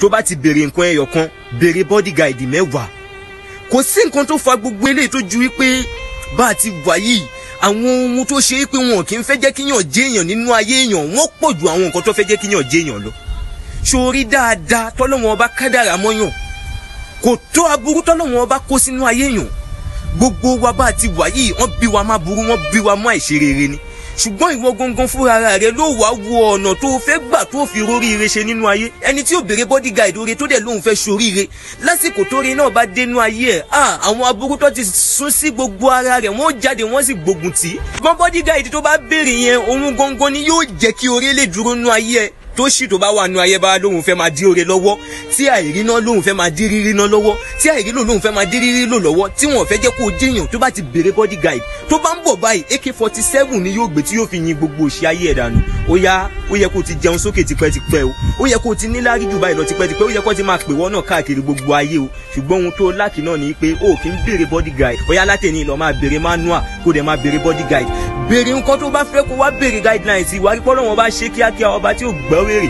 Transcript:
tó bá ti béèrè nǹkan ẹyọ kan béèrè bodyguard mẹ́wàá kò sí nǹkan tó fa gbogbo eléyìí tó ju wípé bá a ti wà yìí àwọn ohun tó ṣe é pé wọn kì í fẹ́ jẹ́ kíyàn jéèyàn nínú ayé èèyàn wọ́n pọ̀ ju àwọn nǹkan tó fẹ́ jẹ́ kíyàn jéèyàn lọ sórí dáadáa tọ́lọ́wọ́n ọba kádàrá mọ́yàn kò tó aburú tọ́lọ́wọ́n ọba kó sínú ayé èèyàn gbogbo wa bá a ti wà yìí wọ́n bí wa má burú wọ́n bí wa má ìṣerere ni ṣùgbọ́n ìwọ gangan fúnra rẹ ló wàá wo ọ̀nà tó o fẹ́ gbà tó o fi róríire ṣe nínú ayé ẹni tí ò béèrè bodyguard oore tó dẹ̀ lóun fẹ́ ṣoríire lásìkò tóore náà bá dénú ayé ẹ̀ à àwọn aburú tó ti sún sí gbogbo ara rẹ̀ wọ́n jáde wọ́n sì gbógun tì í. ṣùgbọ́n bodyguard tó bá béèrè yẹn òun gangan ni yóò jẹ́ kí oore lè dúró nú ayé ẹ̀ tó sì tó bá wà nú ayé bá lóhùn fẹ́ máa dí oore lọ́wọ́ tí àìríná lóhùn fẹ́ máa dí rírí ná lọ́wọ́ tí àìrílò lóhùn fẹ́ máa dí rírí lò lọ́wọ́ tí wọ́n fẹ́ jẹ́ kó o jẹ́yàn tó bá ti bèrè bodyguard tó bá ń bọ̀ báyìí AK47 ni yóò gbé tí yóò fi yin gbogbo òṣì ayé ẹ̀ dànù ó yá ó yẹ kó o ti jẹun sókè tipẹ́tipẹ́ o ó yẹ kó o ti níláárí jù báyìí lọ tipẹ́tipẹ́ ó yẹ kó o ti máa pè wọ́n náà káàkiri gbogbo ayé o ṣùgbọ́n ohun tó láàkì náà ni pé o kì í béèrè body guide ó yá látẹ̀yìn lọ máa béèrè manual kó dẹ̀ máa béèrè body guide béèrè nǹkan tó bá fẹ́ kó wá béèrè guidelines ìwà rí pọ́lọ́wọ́n bá ṣe kíákíá ọba tí ò gbọ́ wèrè